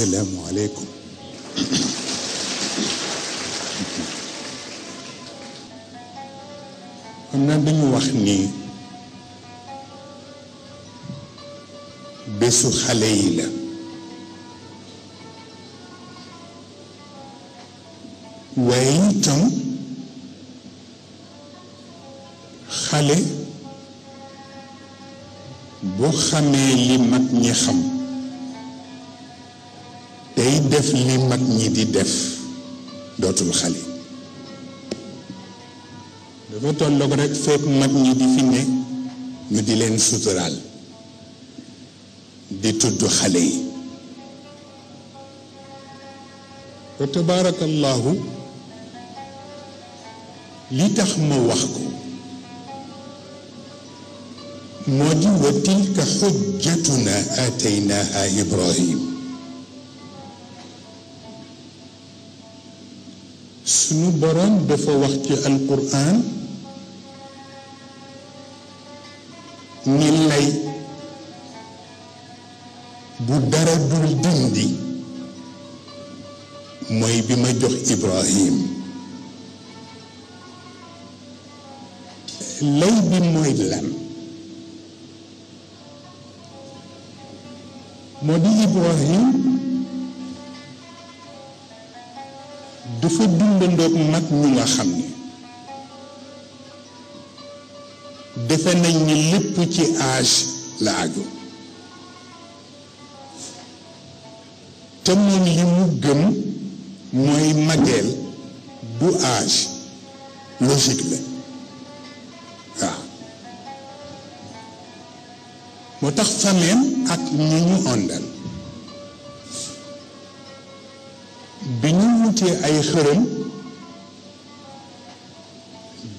السلام عليكم كنا بنوخني بسو خليلة وينتم خلي بو خمي لي مات ني day def li mag ñi di def dootul xale dafa tolloog rek fekk mag ñi di fi ne ñu di leen suturaal di tudd xale yi fa tabaarakallaahu li tax ma wax ko moo di wa tilka xujjatuna aataynaha ibrahim suñu boroom dafa wax ci alquran ni lay bu dara dul dindi mooy bi ma jox Ibrahim lay bi mooy lan moo di Ibrahim dafa dundandoog mag ñu nga xam ni defe nañ ni lépp ci âge la aju te moom mu gëm mooy mageel du âge logique la waaw moo tax fameem ak ñi ñu ondal ci ay xërëm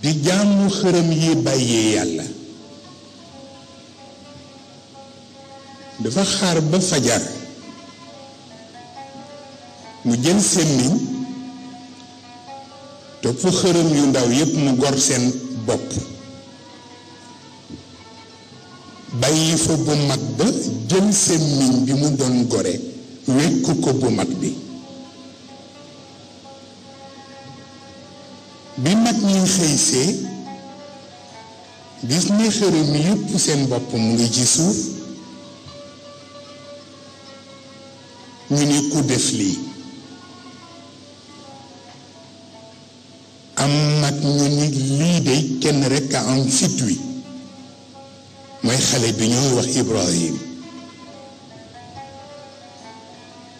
di jaamu xërëm yi bàyyee yàlla dafa xaar ba fajar mu jël semmiñ topp xërëm yu ndaw yépp mu gor seen bopp bàyyi fa bu mag ba jël semmiñ bi mu doon gore wekk ko bu mag bi bi mag ñi xëysee gis ne xëru mi yëpp seen bopp mu ngi ci suuf ñu ne ku def lii am nag ñu ni lii de kenn rekk a am fit wi mooy xale bi ñooy wax Ibrahim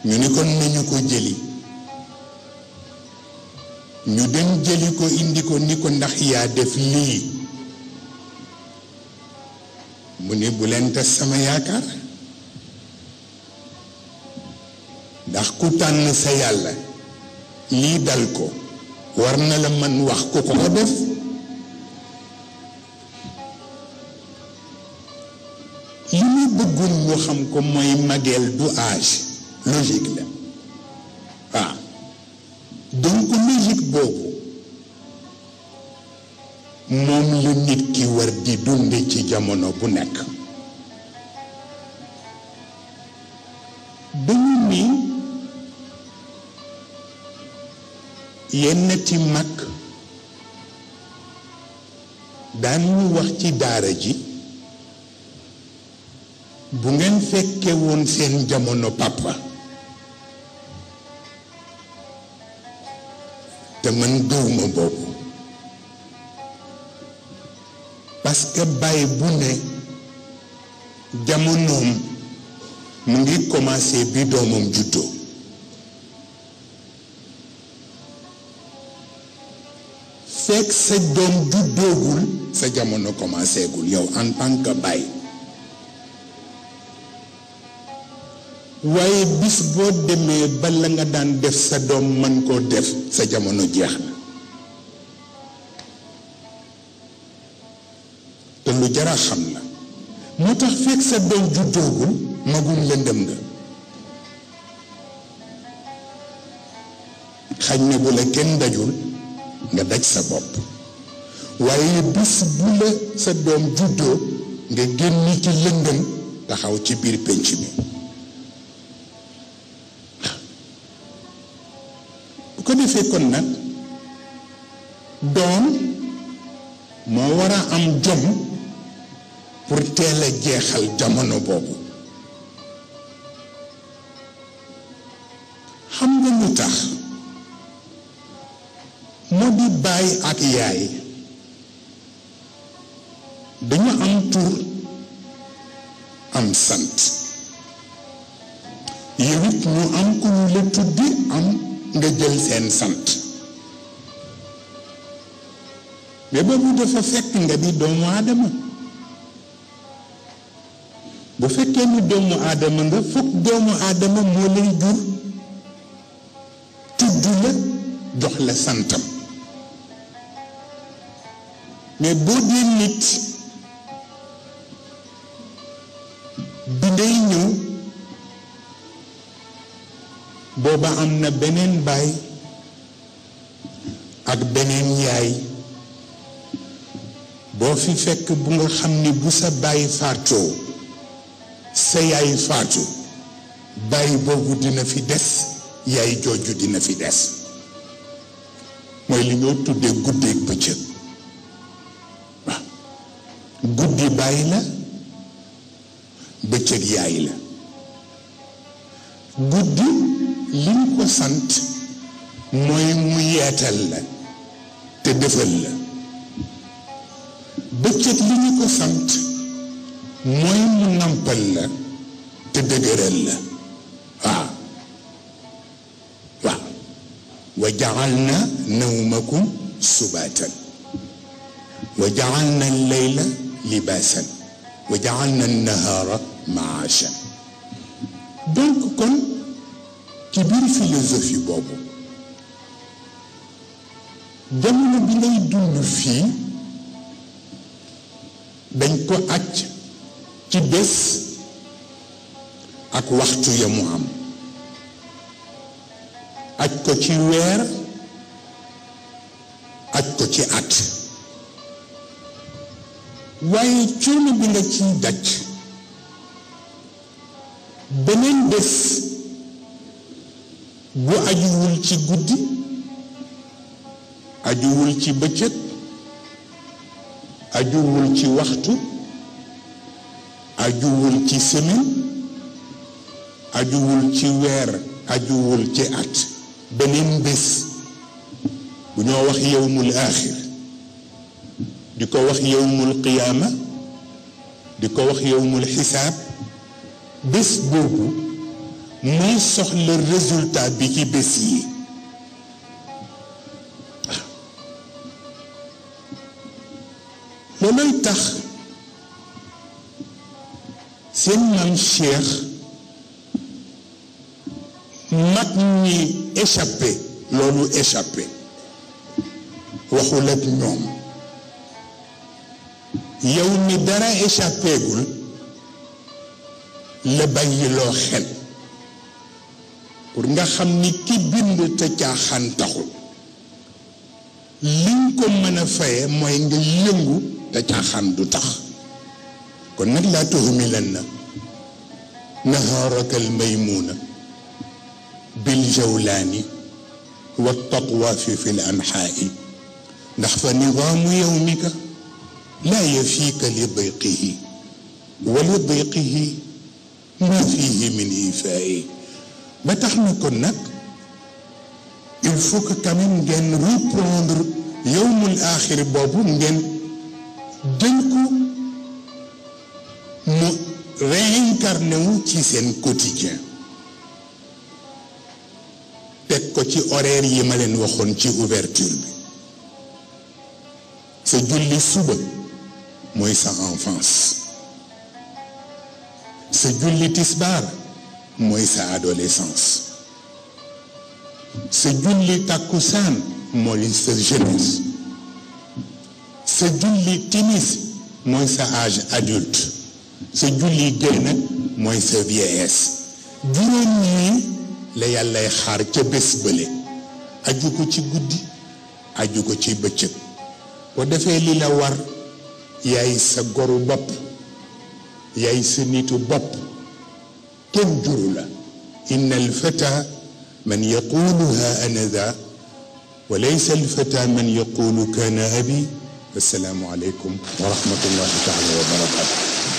ñu ni kon nañu ko jëli ñu dem jëli ko indi ko ni ko ndax yaa def lii mu ni bu leen tas sama yaakaar ndax ku tànn sa yàlla lii dal ko war na la mën wax ku ko def li mu bëggoon mu xam ko mooy mageel du âge logique la donc logique boobu moom la nit ki war di dund ci jamono bu nekk dañu ni yenn ti mag daan ñu wax ci daara ji bu ngeen fekkee woon seen jamono papa te man gëwuma boobu parce que bàyyi bu ne jamonoom mu ngi commencé bi doomam juddoo fekk sa doom juddoogul sa jamono commencé gul yow en tant que bàyyi waaye bis boo demee ba la nga daan def sa doom mën koo def sa jamono jeex na te lu jara xam la moo tax fekk sa doom juddoogul magum lëndëm nga xañ na bu la kenn dajul nga daj sa bopp waaye bis bu la sa doom juddoo nga génn ci lëndëm taxaw ci biir pénc mi ko defee kon nag doom moo war a am jom pour teel a jeexal jamono boobu xam nga lu tax moo di baay ak yaay dañu am tur am sant yow ñu am ku ñu la tuddi am nga jël seen sant mais boobu dafa fekk nga di doomu aadama bu fekkee ni doomu aadama nga foog doomu aadama moo lay jur tudd la jox la santam mais boo dee nit bi day ñëw booba am na beneen baay ak beneen yaay boo fi fekk bu nga xam ni bu sa baay faatoo sa yaay faatu baay boobu dina fi des yaay jooju dina fi des mooy li ñoo tuddee guddeeg bëccëg waaw guddi baay la bëccëg yaay la lim ko sant mooy mu yeetal la te defal la bëccëg li ñu ko sant mooy mu nampal la te dëgëral la waaw wa ja'alna nawmakum subatan wa ja'alna al-layla libasan wa ja'alna an-nahara ma'ashan donc ci biir philosophie boobu jamono bi ngay dund fii dañ ko acc ci bés ak waxtu ya mu am aj ko ci weer aj ko ci at waaye coono bi nga ciy daj beneen bés bu ajuwul ci guddi ajuwul ci bëccëg ajuwul ci waxtu ajuwul ci semaine ajuwul ci weer ajuwul ci at beneen bés bu ñoo wax yowmul aaxir di ko wax yowmul qiyaama di ko wax yowmul xisaab bés boobu moo soxla résultat bi ci bés yi looloy tax seen maam Cheikh mag ñi échappé loolu échappé waxul ak ñoom yow ni dara échappé gul la bàyyiloo xel pour nga xam ni ki bind te caaxaan taxul liñ ko mën a faye mooy nga yëngu te caaxaan du tax kon nag laa tuhumilan na nahaaraka almaymuuna biljawlaani والتطوافي في الأنحاء نحف نظام يومك لا يفيك لضيقه ولضيقه ما فيه من إيفائه ba tax na kon nag il faut que quand même ngeen reprendre yowmul boobu ngeen dénku mu réincarné wu ci seen quotidien teg ko ci horaire yi ma leen waxoon ci ouverture bi sa julli suba mooy sa enfance sa julli tisbaar mooy sa adolescence d'une julli cousin mooy sa jeunesse c'est d'une timis mooy sa âge adulte c'est d'une géey nag sa vieillesse nuit, les la yàllay xaar ca bés goudi, aju ko ci Quand aju ko ci bëccëg li la war yaay sa goru y yaay sa nitu تفجر له إن الفتى من يقولها أنا ذا وليس الفتى من يقول كان أبي السلام عليكم ورحمة الله تعالى وبركاته